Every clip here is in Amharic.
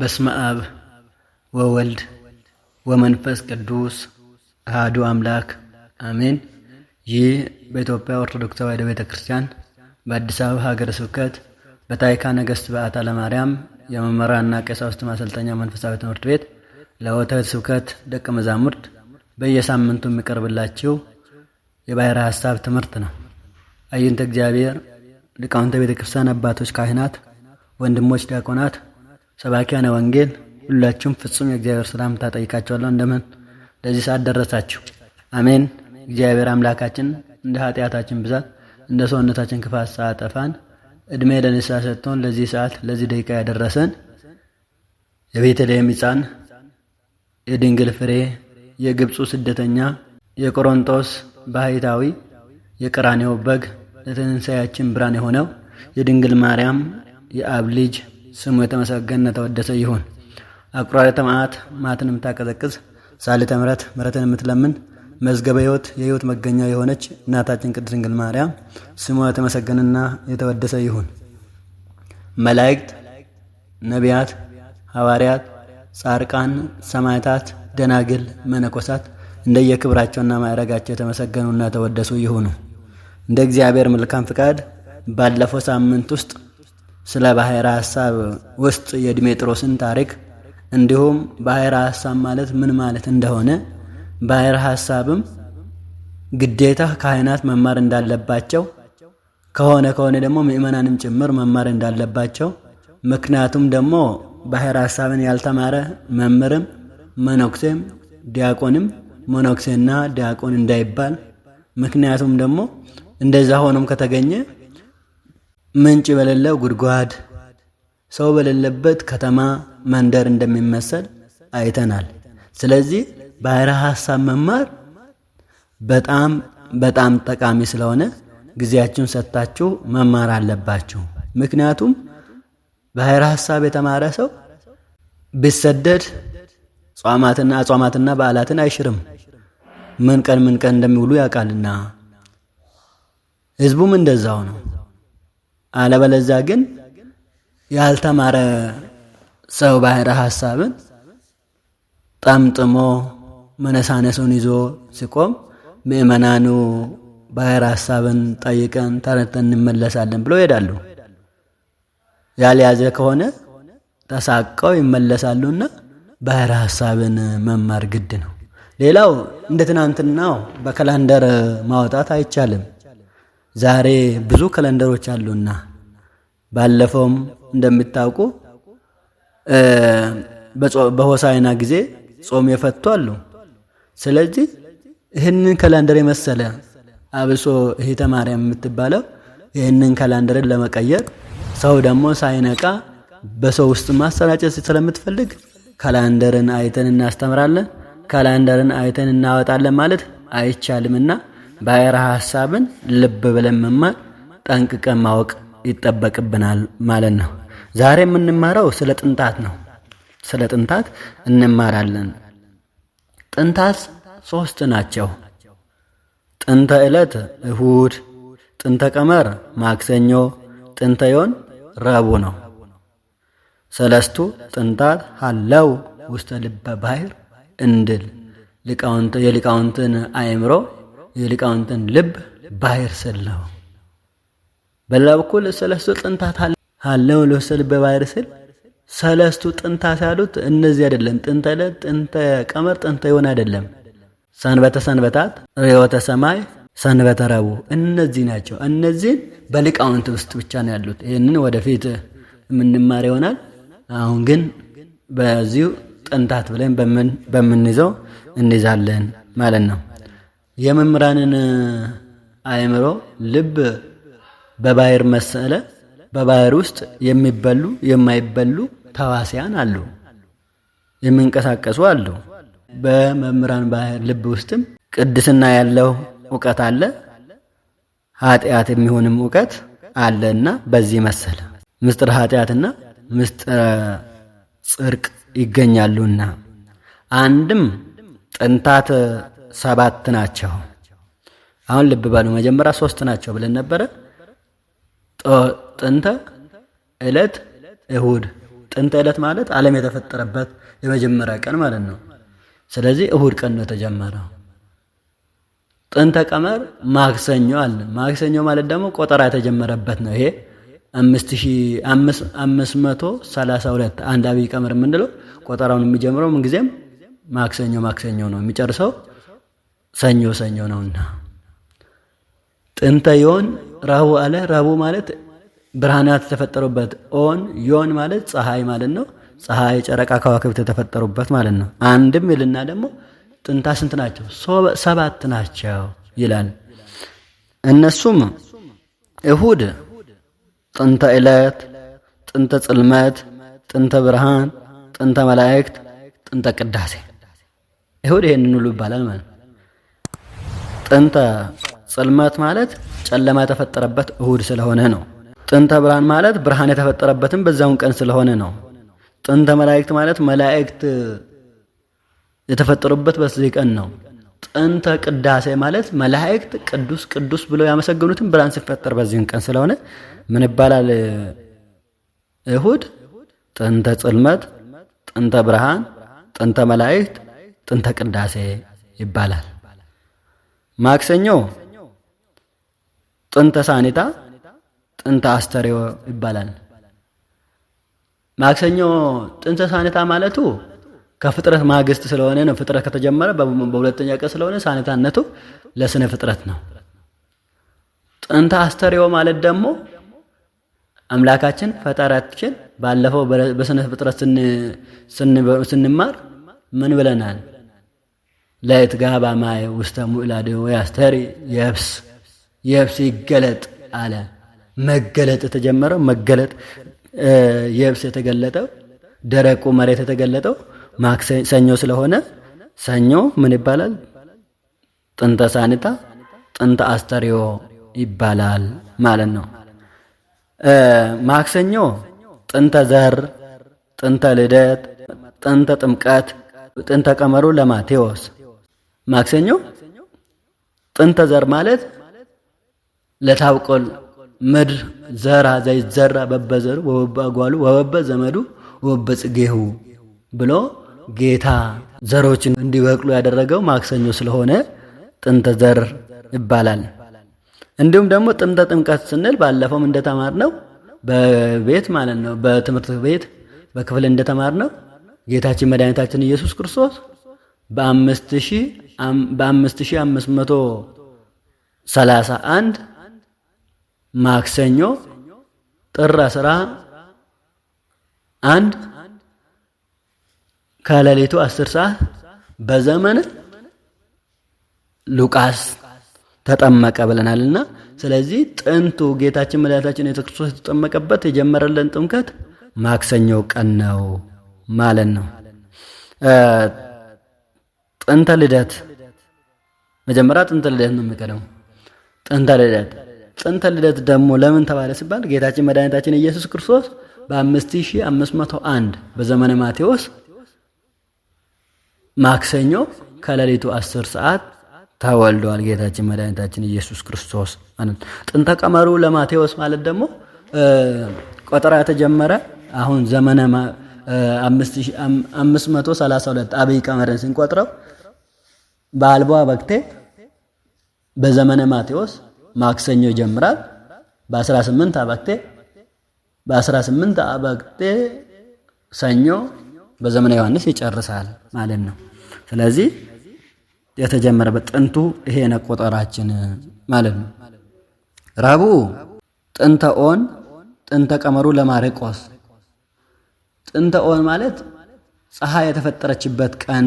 በስመ አብ ወወልድ ወመንፈስ ቅዱስ አህዱ አምላክ አሜን። ይህ በኢትዮጵያ ኦርቶዶክስ ተዋሕዶ ቤተ ክርስቲያን በአዲስ አበባ ሀገረ ስብከት በታዕካ ነገሥት በዓታ ለማርያም የመምህራንና ቀሳውስት ማሰልጠኛ መንፈሳዊ ትምህርት ቤት ለወተት ስብከት ደቀ መዛሙርት በየሳምንቱ የሚቀርብላችሁ የባሕረ ሐሳብ ትምህርት ነው። አይንተ እግዚአብሔር ሊቃውንተ ቤተ ክርስቲያን አባቶች፣ ካህናት፣ ወንድሞች፣ ዲያቆናት ሰባኪያነ ወንጌል ሁላችሁም ፍጹም የእግዚአብሔር ሰላምታ እጠይቃችኋለሁ። እንደምን ለዚህ ሰዓት ደረሳችሁ? አሜን። እግዚአብሔር አምላካችን እንደ ኃጢአታችን ብዛት እንደ ሰውነታችን ክፋት ሳያጠፋን እድሜ ለንሳ ሰጥቶን ለዚህ ሰዓት ለዚህ ደቂቃ ያደረሰን የቤተልሔም ሕፃን የድንግል ፍሬ የግብፁ ስደተኛ የቆሮንጦስ ባህታዊ የቀራኔው በግ ለትንሣኤያችን ብርሃን የሆነው የድንግል ማርያም የአብ ልጅ ስሙ የተመሰገነ ተወደሰ ይሁን። አቁራሪተ መዓት መዓትን የምታቀዘቅዝ ሳሊተ ምሕረት ምሕረትን የምትለምን መዝገበ ሕይወት የሕይወት መገኛ የሆነች እናታችን ቅድስት ድንግል ማርያም ስሙ የተመሰገነና የተወደሰ ይሁን። መላእክት፣ ነቢያት፣ ሐዋርያት፣ ጻድቃን፣ ሰማዕታት፣ ደናግል፣ መነኮሳት እንደየክብራቸውና ማዕረጋቸው የተመሰገኑና የተወደሱ ይሁኑ። እንደ እግዚአብሔር መልካም ፍቃድ ባለፈው ሳምንት ውስጥ ስለ ባሕረ ሐሳብ ውስጥ የድሜጥሮስን ታሪክ እንዲሁም ባሕረ ሐሳብ ማለት ምን ማለት እንደሆነ ባሕረ ሐሳብም ግዴታ ካህናት መማር እንዳለባቸው ከሆነ ከሆነ ደግሞ ምእመናንም ጭምር መማር እንዳለባቸው ምክንያቱም ደግሞ ባሕረ ሐሳብን ያልተማረ መምህርም መነኩሴም ዲያቆንም መነኩሴና ዲያቆን እንዳይባል ምክንያቱም ደግሞ እንደዛ ሆኖም ከተገኘ ምንጭ በሌለው ጉድጓድ፣ ሰው በሌለበት ከተማ መንደር እንደሚመሰል አይተናል። ስለዚህ ባሕረ ሐሳብ መማር በጣም በጣም ጠቃሚ ስለሆነ ጊዜያችሁን ሰጥታችሁ መማር አለባችሁ። ምክንያቱም ባሕረ ሐሳብ የተማረ ሰው ቢሰደድ ጾማትና አጽዋማትና በዓላትን አይሽርም። ምን ቀን ምን ቀን እንደሚውሉ ያውቃልና፣ ህዝቡም እንደዛው ነው። አለበለዚያ ግን ያልተማረ ሰው ባህረ ሐሳብን ጠምጥሞ መነሳነሱን ይዞ ሲቆም ምእመናኑ ባህረ ሐሳብን ጠይቀን ተረድተን እንመለሳለን ብለው ይሄዳሉ። ያልያዘ ከሆነ ተሳቀው ይመለሳሉና ባህረ ሐሳብን መማር ግድ ነው። ሌላው እንደ ትናንትናው በካላንደር ማውጣት አይቻልም። ዛሬ ብዙ ከለንደሮች አሉና ባለፈውም እንደምታውቁ በሆሳይና ጊዜ ጾም የፈቱ አሉ። ስለዚህ ይህንን ከላንደር የመሰለ አብሶ እህተ ማርያም የምትባለው ይህንን ከላንደርን ለመቀየር ሰው ደግሞ ሳይነቃ በሰው ውስጥ ማሰራጨት ስለምትፈልግ ካላንደርን አይተን እናስተምራለን፣ ካላንደርን አይተን እናወጣለን ማለት አይቻልምና ባሕረ ሐሳብን ልብ ብለን መማር ጠንቅቀን ማወቅ ይጠበቅብናል ማለት ነው። ዛሬ የምንማረው ስለ ጥንታት ነው። ስለ ጥንታት እንማራለን። ጥንታት ሶስት ናቸው። ጥንተ ዕለት እሁድ፣ ጥንተ ቀመር ማክሰኞ፣ ጥንተ ዮን ረቡዕ ነው። ሰለስቱ ጥንታት ሀለው ውስተ ልበ ባሕር እንድል የሊቃውንትን አእምሮ የሊቃውንትን ልብ ባህር ሰላው። በሌላ በኩል ሰለስቱ ጥንታት አለው ለወሰል በባህር ስል ሰለስቱ ጥንታት ያሉት እነዚህ አይደለም። ጥንተ ዕለት፣ ጥንተ ቀመር፣ ጥንተ ይሆን አይደለም። ሰንበተ ሰንበታት፣ ርዮተ ሰማይ፣ ሰንበተ ረቡዕ እነዚህ ናቸው። እነዚህን በሊቃውንት ውስጥ ብቻ ነው ያሉት። ይህንን ወደፊት የምንማር ይሆናል። አሁን ግን በዚሁ ጥንታት ብለን በምንይዘው እንይዛለን ማለት ነው። የመምህራንን አእምሮ ልብ በባህር መሰለ በባህር ውስጥ የሚበሉ የማይበሉ ተዋሲያን አሉ፣ የሚንቀሳቀሱ አሉ። በመምህራን ባህር ልብ ውስጥም ቅድስና ያለው እውቀት አለ፣ ኃጢአት የሚሆንም እውቀት አለ እና በዚህ መሰለ ምስጢር ኃጢአትና ምስጢር ጽድቅ ይገኛሉና አንድም ጥንታት ሰባት ናቸው። አሁን ልብ በሉ መጀመሪያ ሶስት ናቸው ብለን ነበረ። ጥንተ ዕለት እሁድ። ጥንተ ዕለት ማለት ዓለም የተፈጠረበት የመጀመሪያ ቀን ማለት ነው። ስለዚህ እሁድ ቀን ነው የተጀመረው። ጥንተ ቀመር ማክሰኞ አለ። ማክሰኞ ማለት ደግሞ ቆጠራ የተጀመረበት ነው። ይሄ አምስት አምስት መቶ ሰላሳ ሁለት አንድ አብይ ቀመር የምንለው ቆጠራውን የሚጀምረው ምንጊዜም ማክሰኞ ማክሰኞ ነው የሚጨርሰው ሰኞ ሰኞ ነውና ጥንተ ዮን ራቡ አለ። ራቡ ማለት ብርሃናት የተፈጠሩበት፣ ኦን ዮን ማለት ፀሐይ ማለት ነው። ፀሐይ፣ ጨረቃ፣ ከዋክብት የተፈጠሩበት ማለት ነው። አንድም ይልና ደግሞ ጥንታ ስንት ናቸው? ሰባት ናቸው ይላል። እነሱም እሁድ፣ ጥንተ ዕለት፣ ጥንተ ጽልመት፣ ጥንተ ብርሃን፣ ጥንተ መላእክት፣ ጥንተ ቅዳሴ። እሁድ ይሄንን ሁሉ ይባላል ማለት ነው። ጥንተ ጽልመት ማለት ጨለማ የተፈጠረበት እሁድ ስለሆነ ነው። ጥንተ ብርሃን ማለት ብርሃን የተፈጠረበትም በዛውን ቀን ስለሆነ ነው። ጥንተ መላእክት ማለት መላእክት የተፈጠሩበት በዚህ ቀን ነው። ጥንተ ቅዳሴ ማለት መላእክት ቅዱስ ቅዱስ ብለው ያመሰግኑትን ብርሃን ሲፈጠር በዚህን ቀን ስለሆነ ምን ይባላል? እሁድ ጥንተ ጽልመት፣ ጥንተ ብርሃን፣ ጥንተ መላእክት፣ ጥንተ ቅዳሴ ይባላል። ማክሰኞ ጥንተ ሳኔታ ጥንተ አስተርእዮ ይባላል። ማክሰኞ ጥንተ ሳኔታ ማለቱ ከፍጥረት ማግስት ስለሆነ ነው። ፍጥረት ከተጀመረ በሁለተኛ ቀን ስለሆነ ሳኔታነቱ ለስነ ፍጥረት ነው። ጥንተ አስተርእዮ ማለት ደግሞ አምላካችን ፈጠራችን ባለፈው በስነ ፍጥረት ስንማር ምን ብለናል? ላይትጋባ ማየ ውስተ ሙዕላደ ወያስተሪ የብስ የብስ ይገለጥ አለ። መገለጥ የተጀመረው መገለጥ የብስ የተገለጠው ደረቁ መሬት የተገለጠው ማክሰኞ ስለሆነ ሰኞ ምን ይባላል? ጥንተ ሳንታ ጥንተ አስተሪዮ ይባላል ማለት ነው። ማክሰኞ ጥንተ ዘር፣ ጥንተ ልደት፣ ጥንተ ጥምቀት፣ ጥንተ ቀመሩ ለማቴዎስ ማክሰኞ ጥንተ ዘር ማለት ለታውቆል ምድር ዘራ ዘይዘራ በበዘሩ ወበበ አጓሉ ወበበ ዘመዱ ወበ ጽጌሁ ብሎ ጌታ ዘሮችን እንዲበቅሉ ያደረገው ማክሰኞ ስለሆነ ጥንተ ዘር ይባላል። እንዲሁም ደግሞ ጥንተ ጥምቀት ስንል ባለፈውም እንደተማርነው በቤት ማለት ነው፣ በትምህርት ቤት በክፍል እንደተማርነው ጌታችን መድኃኒታችን ኢየሱስ ክርስቶስ በአምስት ሺህ አምስት መቶ ሰላሳ አንድ ማክሰኞ ጥር አስራ አንድ ከሌሊቱ አስር ሰዓት በዘመን ሉቃስ ተጠመቀ ብለናልና፣ ስለዚህ ጥንቱ ጌታችን መድኃኒታችን ኢየሱስ ክርስቶስ የተጠመቀበት የጀመረልን ጥምቀት ማክሰኞ ቀን ነው ማለት ነው። ጥንተ ልደት መጀመሪያ ጥንተ ልደት ነው የሚቀደመው። ጥንተ ልደት ጥንተ ልደት ደግሞ ለምን ተባለ ሲባል ጌታችን መድኃኒታችን ኢየሱስ ክርስቶስ በ5501 በዘመነ ማቴዎስ ማክሰኞ ከሌሊቱ 10 ሰዓት ተወልደዋል። ጌታችን መድኃኒታችን ኢየሱስ ክርስቶስ ጥንተ ቀመሩ ለማቴዎስ ማለት ደግሞ ቆጠራ የተጀመረ አሁን ዘመነ 532 አብይ ቀመርን ስንቆጥረው በአልቧ በክቴ በዘመነ ማቴዎስ ማክሰኞ ይጀምራል። በ18 አበክቴ በ18 አበክቴ ሰኞ በዘመነ ዮሐንስ ይጨርሳል ማለት ነው። ስለዚህ የተጀመረበት ጥንቱ ይሄ ነው ቆጠራችን ማለት ነው። ረቡዕ ጥንተ ኦን ጥንተ ቀመሩ ለማርቆስ ጥንተ ኦን ማለት ፀሐይ የተፈጠረችበት ቀን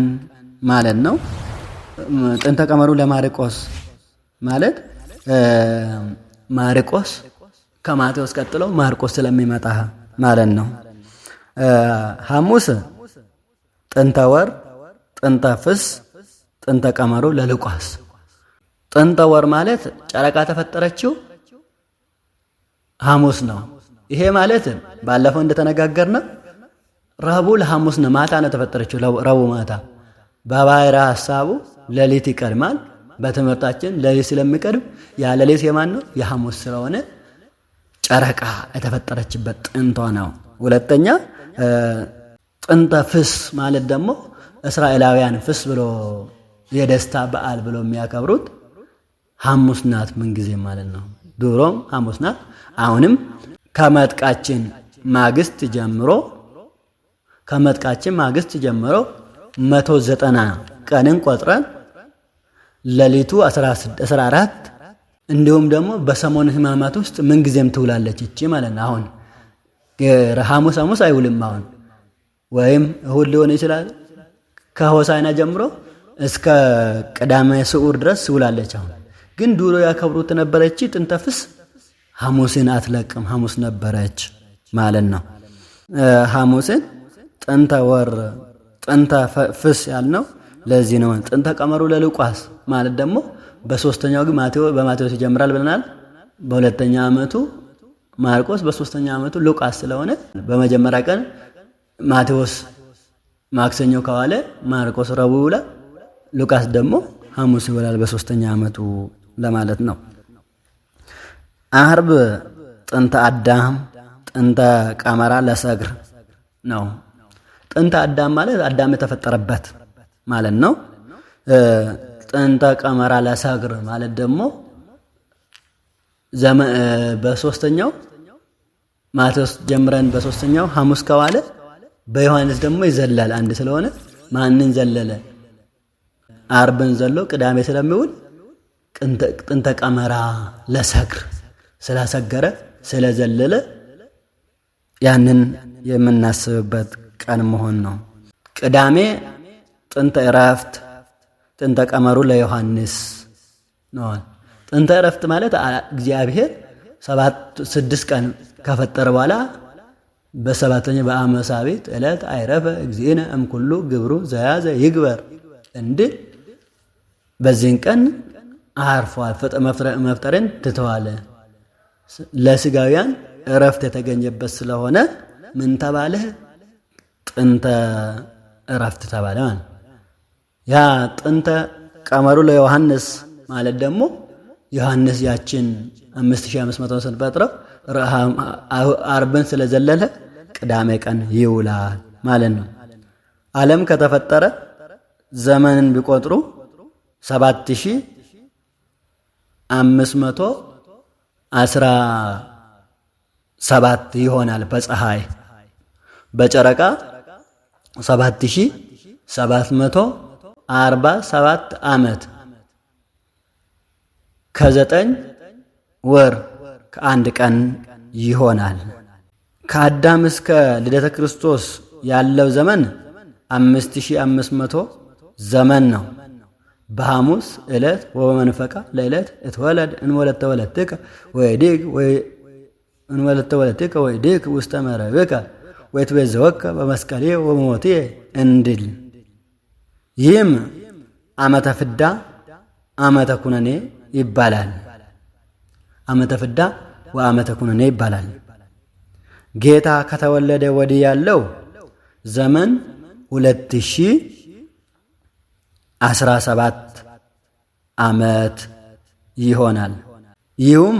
ማለት ነው። ጥንተ ቀመሩ ለማርቆስ ማለት ማርቆስ ከማቴዎስ ቀጥሎ ማርቆስ ስለሚመጣ ማለት ነው። ሐሙስ ጥንተ ወር፣ ጥንተ ፍስ፣ ጥንተ ቀመሩ ለሉቃስ። ጥንተ ወር ማለት ጨረቃ ተፈጠረችው ሐሙስ ነው። ይሄ ማለት ባለፈው እንደተነጋገርነ ረቡዕ ለሐሙስ ነው፣ ማታ ነው ተፈጠረችው ረቡዕ ማታ በባይራ ሐሳቡ ሌሊት ይቀድማል። በትምህርታችን ሌሊት ስለሚቀድም ያ ሌሊት የማን ነው? የሐሙስ ስለሆነ ጨረቃ የተፈጠረችበት ጥንቷ ነው። ሁለተኛ ጥንተ ፍስ ማለት ደግሞ እስራኤላውያን ፍስ ብሎ የደስታ በዓል ብሎ የሚያከብሩት ሐሙስ ናት ምንጊዜ ማለት ነው። ድሮም ሐሙስ ናት። አሁንም ከመጥቃችን ማግስት ጀምሮ ከመጥቃችን ማግስት ጀምሮ መቶ ዘጠና ቀንን ቆጥረን ለሊቱ 14 እንዲሁም ደግሞ በሰሞን ህማማት ውስጥ ምንጊዜም ትውላለች እቺ ማለት ነው። አሁን ሐሙስ ሐሙስ አይውልም። አሁን ወይም እሁድ ሊሆን ይችላል። ከሆሳይና ጀምሮ እስከ ቅዳሜ ስዑር ድረስ ትውላለች። አሁን ግን ዱሮ ያከብሩት ነበረች። ጥንተፍስ ሐሙስን አትለቅም። ሐሙስ ነበረች ማለት ነው። ሐሙስን ጥንተ ወር ጥንተ ፍስ ያልነው ለዚህ ነው ጥንተ ቀመሩ ለሉቃስ ማለት ደግሞ በሶስተኛው ግን በማቴዎስ ይጀምራል ብለናል። በሁለተኛ ዓመቱ ማርቆስ፣ በሶስተኛ ዓመቱ ሉቃስ ስለሆነ በመጀመሪያ ቀን ማቴዎስ ማክሰኞ ከዋለ ማርቆስ ረቡዕ ይውላል፣ ሉቃስ ደግሞ ሐሙስ ይውላል በሶስተኛ ዓመቱ ለማለት ነው። አርብ ጥንተ አዳም ጥንተ ቀመራ ለሰግር ነው። ጥንተ አዳም ማለት አዳም የተፈጠረበት ማለት ነው። ጥንተ ቀመራ ለሰግር ማለት ደግሞ በሶስተኛው ማቴዎስ ጀምረን በሶስተኛው ሐሙስ ከዋለ በዮሐንስ ደግሞ ይዘላል አንድ ስለሆነ ማንን ዘለለ? አርብን ዘሎ ቅዳሜ ስለሚውል ጥንተ ቀመራ ለሰግር ስላሰገረ ስለዘለለ ያንን የምናስብበት ቀን መሆን ነው። ቅዳሜ ጥንተ እረፍት ጥንተ ቀመሩ ለዮሐንስ ነዋል። ጥንተ እረፍት ማለት እግዚአብሔር ሰባት ስድስት ቀን ከፈጠረ በኋላ በሰባተኛ በአመሳቢት ዕለት አይረፈ እግዚእነ እምኩሉ ግብሩ ዘያዘ ይግበር እንድል በዚህን ቀን አርፏል። መፍጠርን ትተዋለ። ለስጋውያን እረፍት የተገኘበት ስለሆነ ምን ተባለ? ጥንተ እረፍት ተባለ ማለት ያ ጥንተ ቀመሩ ለዮሐንስ ማለት ደግሞ ዮሐንስ ያችን 5500 ስን አርብን ስለዘለለ ቅዳሜ ቀን ይውላል ማለት ነው። ዓለም ከተፈጠረ ዘመንን ቢቆጥሩ 7517 ይሆናል በፀሐይ በጨረቃ 7700 አርባ ሰባት ዓመት ከዘጠኝ ወር ከአንድ ቀን ይሆናል። ከአዳም እስከ ልደተ ክርስቶስ ያለው ዘመን አምስት ሺህ አምስት መቶ ዘመን ነው። በሐሙስ ዕለት ወበመንፈቃ ለዕለት እትወለድ እንወለተ ወለትከ ወይዲግ እንወለተ ወለትከ ወይዲግ ውስተ መረብከ ወይትቤዘወከ በመስቀሌ ወሞቴ እንድል ይህም ዓመተ ፍዳ ዓመተ ኩነኔ ይባላል። ዓመተ ፍዳ ወዓመተ ኩነኔ ይባላል። ጌታ ከተወለደ ወዲህ ያለው ዘመን 2017 ዓመት ይሆናል። ይሁም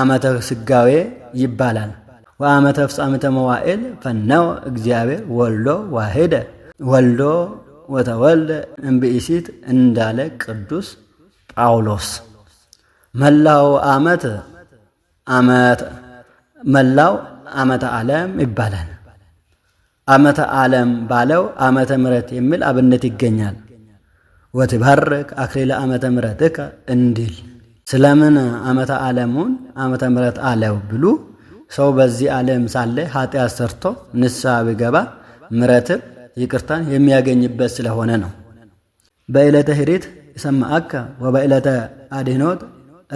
ዓመተ ስጋዌ ይባላል። ወዓመተ ፍጻሜተ መዋዕል ፈናው እግዚአብሔር ወልዶ ዋሄደ ወልዶ ወተወልደ እምብእሲት እንዳለ ቅዱስ ጳውሎስ መላው ዓመት መላው ዓመተ ዓለም ይባላል። ዓመተ ዓለም ባለው ዓመተ ምሕረት የሚል አብነት ይገኛል። ወትባርክ አክሊለ ዓመተ ምሕረትከ እንዲል ስለምን ዓመተ ዓለሙን ዓመተ ምሕረት አለው ብሉ ሰው በዚህ ዓለም ሳለ ኃጢአት ሰርቶ ንስሐ ቢገባ ምሕረትም ይቅርታን የሚያገኝበት ስለሆነ ነው። በዕለተ ሂሪት ሰማአከ ወበዕለተ አድህኖት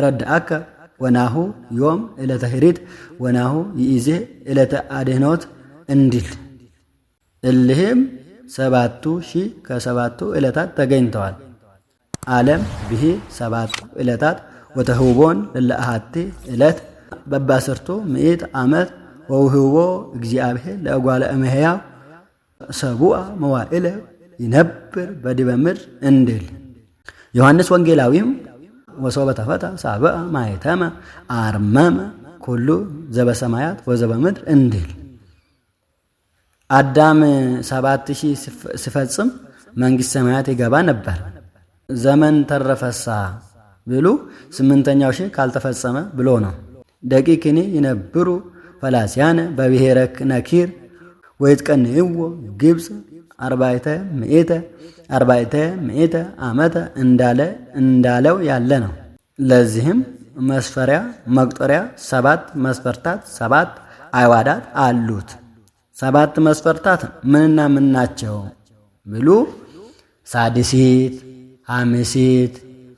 ረዳአከ ወናሁ ዮም ዕለተ ሂሪት ወናሁ ይእዜ ዕለተ አድህኖት እንዲል እልህም ሰባቱ ሺህ ከሰባቱ ዕለታት ተገኝተዋል። ዓለም ብሂ ሰባቱ ዕለታት ወተህውቦን ለለአሃቲ ዕለት በባስርቱ ምኢት ዓመት ወውህቦ እግዚአብሔር ለእጓለ እመሕያው ሰቡአ መዋዕለ ይነብር በዲበ ምድር እንድል ዮሐንስ ወንጌላዊም ወሰው በተፈታ ሳበአ ማይተመ አርመመ ኩሉ ዘበሰማያት ወዘበምድር እንድል አዳም ሰባት ሺህ ሲፈጽም መንግሥት ሰማያት ይገባ ነበር። ዘመን ተረፈሳ ብሉ ስምንተኛው ሺህ ካልተፈጸመ ብሎ ነው። ደቂቅኔ ይነብሩ ፈላሲያነ በብሔረክ ነኪር ወይትቀንይዎ ግብፅ አርባይተ ምእተ አርባይተ ምእተ ዓመተ እንዳለ እንዳለው ያለ ነው። ለዚህም መስፈሪያ መቁጠሪያ ሰባት መስፈርታት ሰባት አይዋዳት አሉት። ሰባት መስፈርታት ምንና ምን ናቸው ብሉ ሳድሲት፣ ሐምሲት፣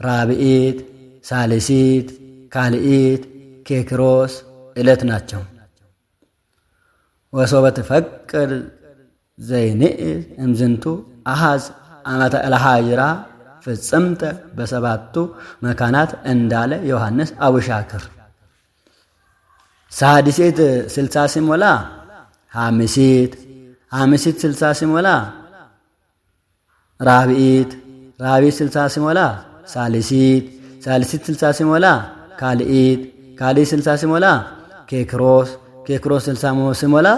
ራብኢት፣ ሳልሲት፣ ካልኢት፣ ኬክሮስ ዕለት ናቸው። ወሶበት ፈቅድ ዘይንእዝ እምዝንቱ አሃዝ አመተ እለሃይራ ፍጽምተ በሰባቱ መካናት እንዳለ ዮሐንስ አቡሻክር ሳዲሴት ስልሳ ሲሞላ ሐምሲት ሐምሲት ስልሳ ሲሞላ ራብኢት ራብኢት ስልሳ ሲሞላ ሳልሲት ሳልሲት ስልሳ ሲሞላ ካልኢት ካልኢት ስልሳ ሲሞላ ኬክሮስ ኬክሮስን ስሞላ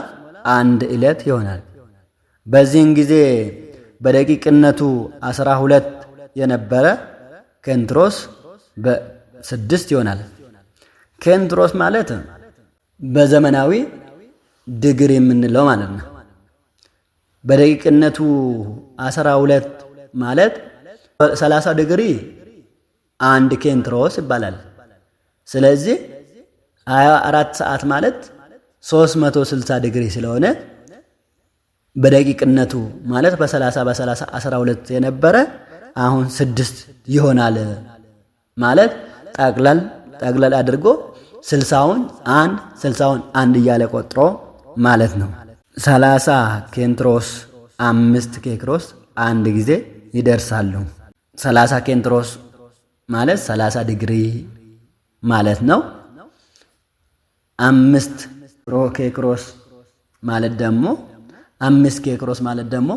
አንድ ዕለት ይሆናል። በዚህን ጊዜ በደቂቅነቱ አስራ ሁለት የነበረ ኬንትሮስ በስድስት ይሆናል። ኬንትሮስ ማለት በዘመናዊ ድግር የምንለው ማለት ነው። በደቂቅነቱ አስራ ሁለት ማለት ሰላሳ ድግሪ አንድ ኬንትሮስ ይባላል። ስለዚህ ሀያ አራት ሰዓት ማለት 360 ዲግሪ ስለሆነ በደቂቅነቱ ማለት በ30 በ30 12 የነበረ አሁን ስድስት ይሆናል ማለት ጠቅለል ጠቅለል አድርጎ ስልሳውን አንድ ስልሳውን አንድ እያለ ቆጥሮ ማለት ነው። ሰላሳ ኬንትሮስ አምስት ኬክሮስ አንድ ጊዜ ይደርሳሉ። ሰላሳ ኬንትሮስ ማለት ሰላሳ ዲግሪ ማለት ነው። አምስት ኬክሮስ ማለት ደግሞ አምስት ኬክሮስ ማለት ደግሞ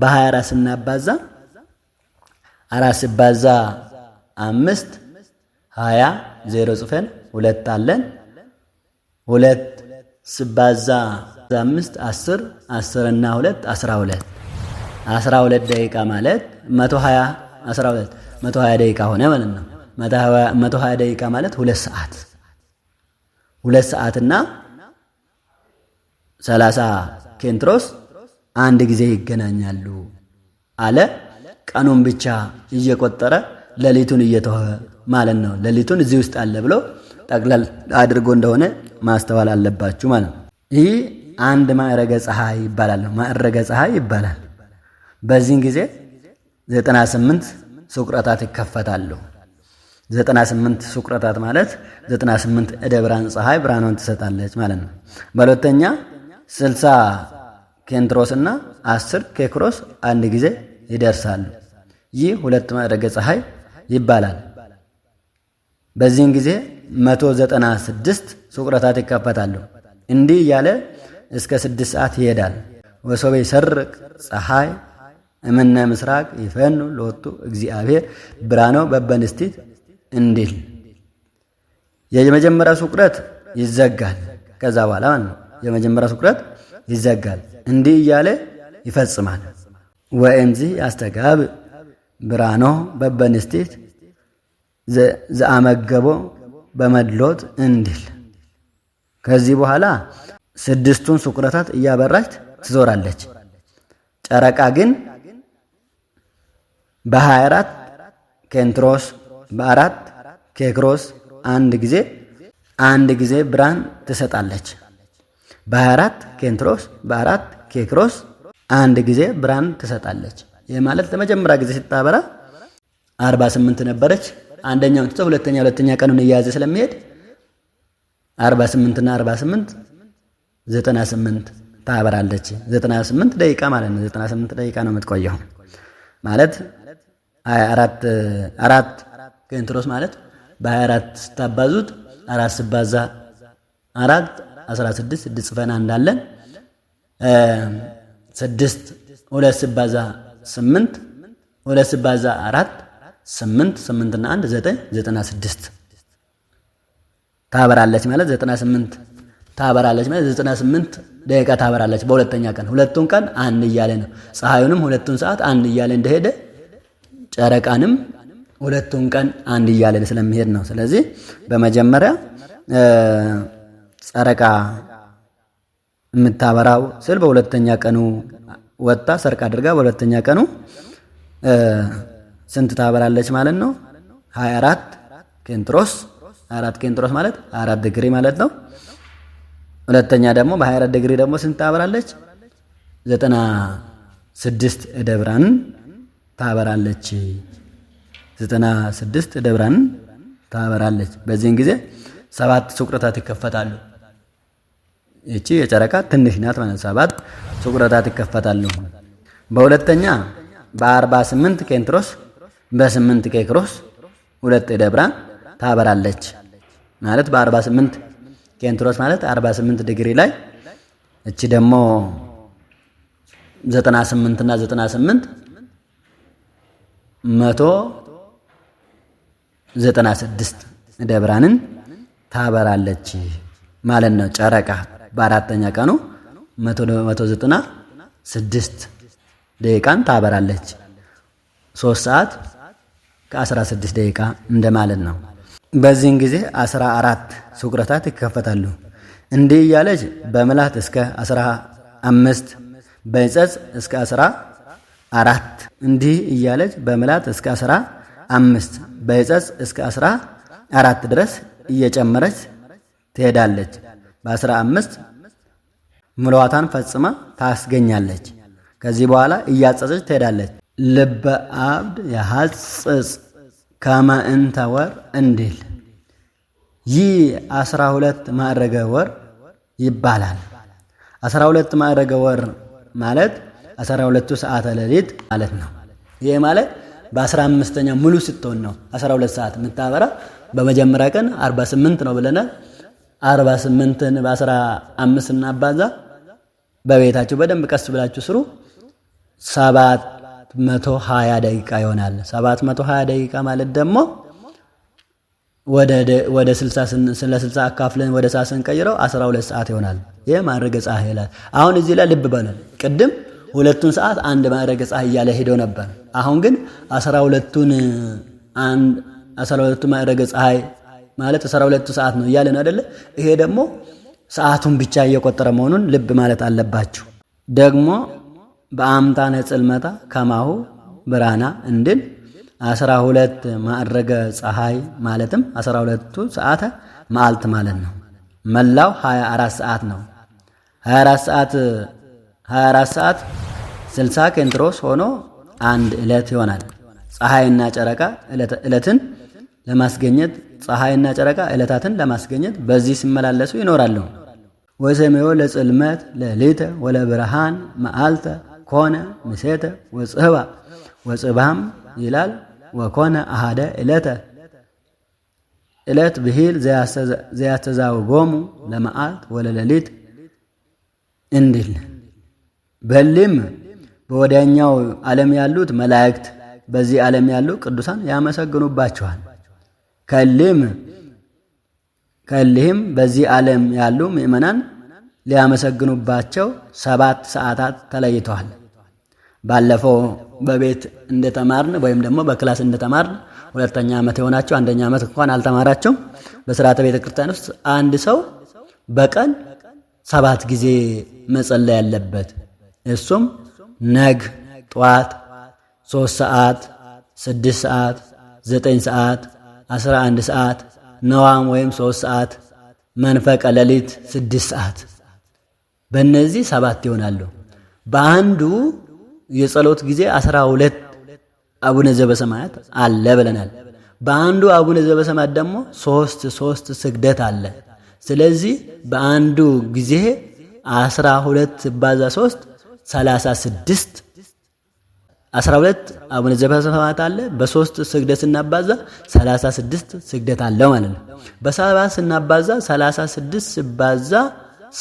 በሀያ አራት ስናባዛ አራት ሲባዛ አምስት ሀያ ዜሮ ጽፈን ሁለት አለን። ሁለት ስባዛ አምስት አስር አስር እና ሁለት አስራ ሁለት አስራ ሁለት ደቂቃ ማለት መቶ ሀያ አስራ ሁለት መቶ ሀያ ደቂቃ ሆነ ማለት ነው። መቶ ሀያ ደቂቃ ማለት ሁለት ሰዓት ሁለት ሰዓትና ሰላሳ ኬንትሮስ አንድ ጊዜ ይገናኛሉ አለ። ቀኑን ብቻ እየቆጠረ ሌሊቱን እየተወ ማለት ነው። ሌሊቱን እዚህ ውስጥ አለ ብሎ ጠቅለል አድርጎ እንደሆነ ማስተዋል አለባችሁ ማለት ነው። ይህ አንድ ማዕረገ ፀሐይ ይባላል። ማዕረገ ፀሐይ ይባላል። በዚህን ጊዜ 98 ስምንት ሱቅረታት ይከፈታሉ። 98 ስምንት ሱቅረታት ማለት 98 እደ ብርሃን ፀሐይ ብርሃኗን ትሰጣለች ማለት ነው። በሁለተኛ ስልሳ ኬንትሮስ እና አስር ኬክሮስ አንድ ጊዜ ይደርሳሉ። ይህ ሁለት ማዕረገ ፀሐይ ይባላል። በዚህን ጊዜ መቶ ዘጠና ስድስት ስቁረታት ይከፈታሉ። እንዲህ እያለ እስከ ስድስት ሰዓት ይሄዳል። ወሶበ ሰርቅ ፀሐይ እምነ ምስራቅ ይፈኑ ሎቱ እግዚአብሔር ብራኖ በበንስቲት እንዲል የመጀመሪያው ሱቅረት ይዘጋል። ከዛ በኋላ ማለት ነው የመጀመሪያ ትኩረት ይዘጋል። እንዲህ እያለ ይፈጽማል። ወእምዝ አስተጋብ ብራኖ በበንስቲት ዘአመገቦ በመድሎት እንዲል ከዚህ በኋላ ስድስቱን ስኩረታት እያበራች ትዞራለች። ጨረቃ ግን በ24 ኬንትሮስ፣ በአራት ኬክሮስ አንድ ጊዜ አንድ ጊዜ ብርሃን ትሰጣለች። በአራት ኬንትሮስ በአራት ኬክሮስ አንድ ጊዜ ብርሃን ትሰጣለች። ይህ ማለት ለመጀመሪያ ጊዜ ስታበራ 48 ነበረች። አንደኛውን ትቶ ሁለተኛ ሁለተኛ ቀኑን እየያዘ ስለሚሄድ 48 እና 48 98 ታበራለች። 98 ደቂቃ ማለት ነው። 98 ደቂቃ ነው የምትቆየው ማለት አራት አራት ኬንትሮስ ማለት በ24 ስታባዙት አራት ስባዛ አራት 16 ድጽፈና ጽፈና እንዳለን ስድስት ሁለት ሲባዛ ስምንት ሁለት ሲባዛ አራት ስምንት ስምንትና አንድ ዘጠኝ ዘጠና ስድስት ታበራለች ማለት ዘጠና ስምንት ታበራለች ማለት ዘጠና ስምንት ደቂቃ ታበራለች። በሁለተኛ ቀን ሁለቱን ቀን አንድ እያለ ነው። ፀሐዩንም ሁለቱን ሰዓት አንድ እያለ እንደሄደ ጨረቃንም ሁለቱን ቀን አንድ እያለ ስለሚሄድ ነው። ስለዚህ በመጀመሪያ ጸረቃ የምታበራው ስል በሁለተኛ ቀኑ ወጣ ሰርቅ አድርጋ በሁለተኛ ቀኑ ስንት ታበራለች ማለት ነው? 24 ኬንትሮስ 24 ኬንትሮስ ማለት 24 ዲግሪ ማለት ነው። ሁለተኛ ደግሞ በ24 ዲግሪ ደግሞ ስንት ታበራለች? 96 ደብራን ታበራለች። 96 ደብራን ታበራለች። በዚህን ጊዜ ሰባት ስቁርታት ይከፈታሉ። ይቺ የጨረቃ ትንሽ ናት ማለት ሰባት ስቁረታት ይከፈታሉ። በሁለተኛ በአርባ ስምንት ኬንትሮስ በስምንት ኬክሮስ ሁለት ደብራ ታበራለች ማለት በአርባ ስምንት ኬንትሮስ ማለት አርባ ስምንት ዲግሪ ላይ እቺ ደግሞ ዘጠና ስምንት እና ዘጠና ስምንት መቶ ዘጠና ስድስት ደብራንን ታበራለች ማለት ነው ጨረቃ በአራተኛ ቀኑ 196 ደቂቃን ታበራለች። 3 ሰዓት ከ16 ደቂቃ እንደማለት ነው። በዚህን ጊዜ 14 ስቁረታት ይከፈታሉ። እንዲህ እያለች በምላት እስከ 15 አምስት እስከ 14 እንዲህ እያለች በምላት እስከ 15 አምስት እስከ 14 ድረስ እየጨመረች ትሄዳለች። በአስራ አምስት ሙሏታን ፈጽማ ታስገኛለች። ከዚህ በኋላ እያጸጸች ትሄዳለች። ልበ አብድ የሐጽጽ ከመእንተ ወር እንዲል ይህ አስራ ሁለት ማዕረገ ወር ይባላል። አስራ ሁለት ማዕረገ ወር ማለት አስራ ሁለቱ ሰዓተ ሌሊት ማለት ነው። ይህ ማለት በአስራ አምስተኛ ሙሉ ስትሆን ነው አስራ ሁለት ሰዓት የምታበራ። በመጀመሪያ ቀን አርባ ስምንት ነው ብለናል። አርባ ስምንትን በአስራ አምስት እናባዛ በቤታችሁ በደንብ ቀስ ብላችሁ ስሩ። ሰባት መቶ ሀያ ደቂቃ ይሆናል። ሰባት መቶ ሀያ ደቂቃ ማለት ደግሞ ወደ ስልሳ አካፍለን ወደ ሰዓት ስንቀይረው አስራ ሁለት ሰዓት ይሆናል። ይህ ማዕረገ ፀሐይ ይላል። አሁን እዚህ ላይ ልብ በለን። ቅድም ሁለቱን ሰዓት አንድ ማዕረገ ፀሐይ እያለ ሄዶ ነበር። አሁን ግን አስራ ሁለቱን ማዕረገ ፀሐይ ማለት አስራ ሁለቱ ሰዓት ነው እያለን አደለ? ይሄ ደግሞ ሰዓቱን ብቻ እየቆጠረ መሆኑን ልብ ማለት አለባችሁ። ደግሞ በአምታነ ጽልመታ ከማሁ ብራና እንድን አስራ ሁለት ማዕረገ ፀሐይ ማለትም አስራ ሁለቱ ሰዓተ መዓልት ማለት ነው። መላው 24 ሰዓት ነው። 24 ሰዓት 24 ሰዓት 60 ኬንትሮስ ሆኖ አንድ ዕለት ይሆናል። ፀሐይና ጨረቃ ዕለትን ለማስገኘት ፀሐይና ጨረቃ ዕለታትን ለማስገኘት በዚህ ሲመላለሱ ይኖራሉ። ወሰሜዮ ለጽልመት ለሊተ ወለብርሃን መዓልተ ኮነ ምሴተ ወጽህባ ወጽባም ይላል ወኮነ አሃደ ዕለተ ዕለት ብሂል ዘያስተዛውጎሙ ለመዓልት ወለሌሊት እንዲል በሊም በወዲያኛው ዓለም ያሉት መላእክት በዚህ ዓለም ያሉ ቅዱሳን ያመሰግኑባቸዋል። ከልም ከልህም በዚህ ዓለም ያሉ ምእመናን ሊያመሰግኑባቸው ሰባት ሰዓታት ተለይተዋል። ባለፈው በቤት እንደተማርን ወይም ደግሞ በክላስ እንደተማርን ሁለተኛ ዓመት የሆናቸው አንደኛ ዓመት እንኳን አልተማራቸውም። በስርዓተ ቤተ ክርስቲያን ውስጥ አንድ ሰው በቀን ሰባት ጊዜ መጸለይ ያለበት እሱም ነግ፣ ጠዋት፣ ሶስት ሰዓት፣ ስድስት ሰዓት፣ ዘጠኝ ሰዓት 11 ሰዓት፣ ነዋም ወይም 3 ሰዓት፣ መንፈቀ ሌሊት 6 ሰዓት። በእነዚህ ሰባት ይሆናሉ። በአንዱ የጸሎት ጊዜ 12 አቡነ ዘበሰማያት አለ ብለናል። በአንዱ አቡነ ዘበሰማያት ደግሞ ሶስት ሶስት ስግደት አለ። ስለዚህ በአንዱ ጊዜ 12 ባዛ 3 36 12 አቡነ ዘበሰማያት አለ። በሶስት ስግደት ስናባዛ 36 ስግደት አለ ማለት ነው። በሰባት ስናባዛ 36 ሲባዛ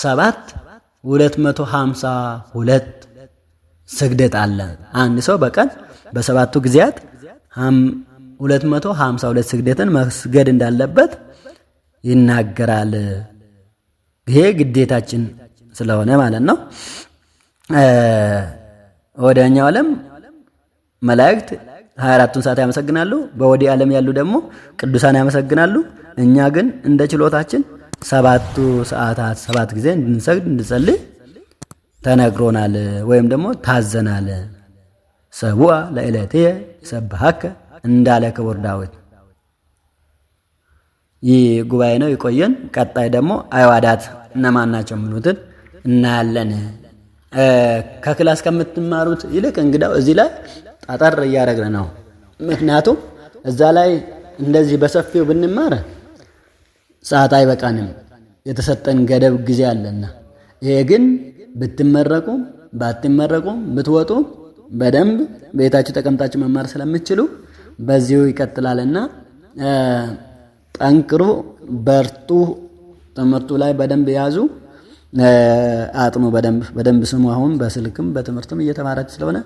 7 252 ስግደት አለ። አንድ ሰው በቀን በሰባቱ ጊዜያት 252 ስግደትን መስገድ እንዳለበት ይናገራል። ይሄ ግዴታችን ስለሆነ ማለት ነው። ወደኛው ዓለም መላእክት 24ቱን ሰዓት ያመሰግናሉ። በወዲ ዓለም ያሉ ደግሞ ቅዱሳን ያመሰግናሉ። እኛ ግን እንደ ችሎታችን ሰባቱ ሰዓታት ሰባት ጊዜ እንድንሰግድ እንድጸልይ ተነግሮናል ወይም ደግሞ ታዘናል። ሰቡአ ለእለት ይሰብሐከ እንዳለ ክቡር ዳዊት። ይህ ጉባኤ ነው፣ ይቆየን። ቀጣይ ደግሞ አይዋዳት እነማን ናቸው የሚሉትን እናያለን። ከክላስ ከምትማሩት ይልቅ እንግዳው እዚህ ላይ ጣጠር እያደረግን ነው። ምክንያቱም እዛ ላይ እንደዚህ በሰፊው ብንማር ሰዓት አይበቃንም፣ የተሰጠን ገደብ ጊዜ አለና። ይሄ ግን ብትመረቁም ባትመረቁም ብትወጡ በደንብ ቤታችሁ ተቀምጣችሁ መማር ስለምትችሉ በዚሁ ይቀጥላልና ጠንክሩ፣ በርቱ፣ ትምህርቱ ላይ በደንብ ያዙ። አጥኑ በደንብ በደንብ ስሙ። አሁን በስልክም በትምህርትም እየተማራችሁ ስለሆነ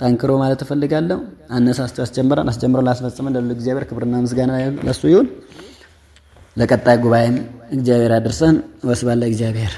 ጠንክሮ ማለት እፈልጋለሁ። አነሳስቶ ያስጀምራል፣ አስጀምረን ላስፈጽመን ለሉ እግዚአብሔር ክብርና ምስጋና ለሱ ይሁን። ለቀጣይ ጉባኤም እግዚአብሔር አድርሰን። ወስብሐት ለእግዚአብሔር።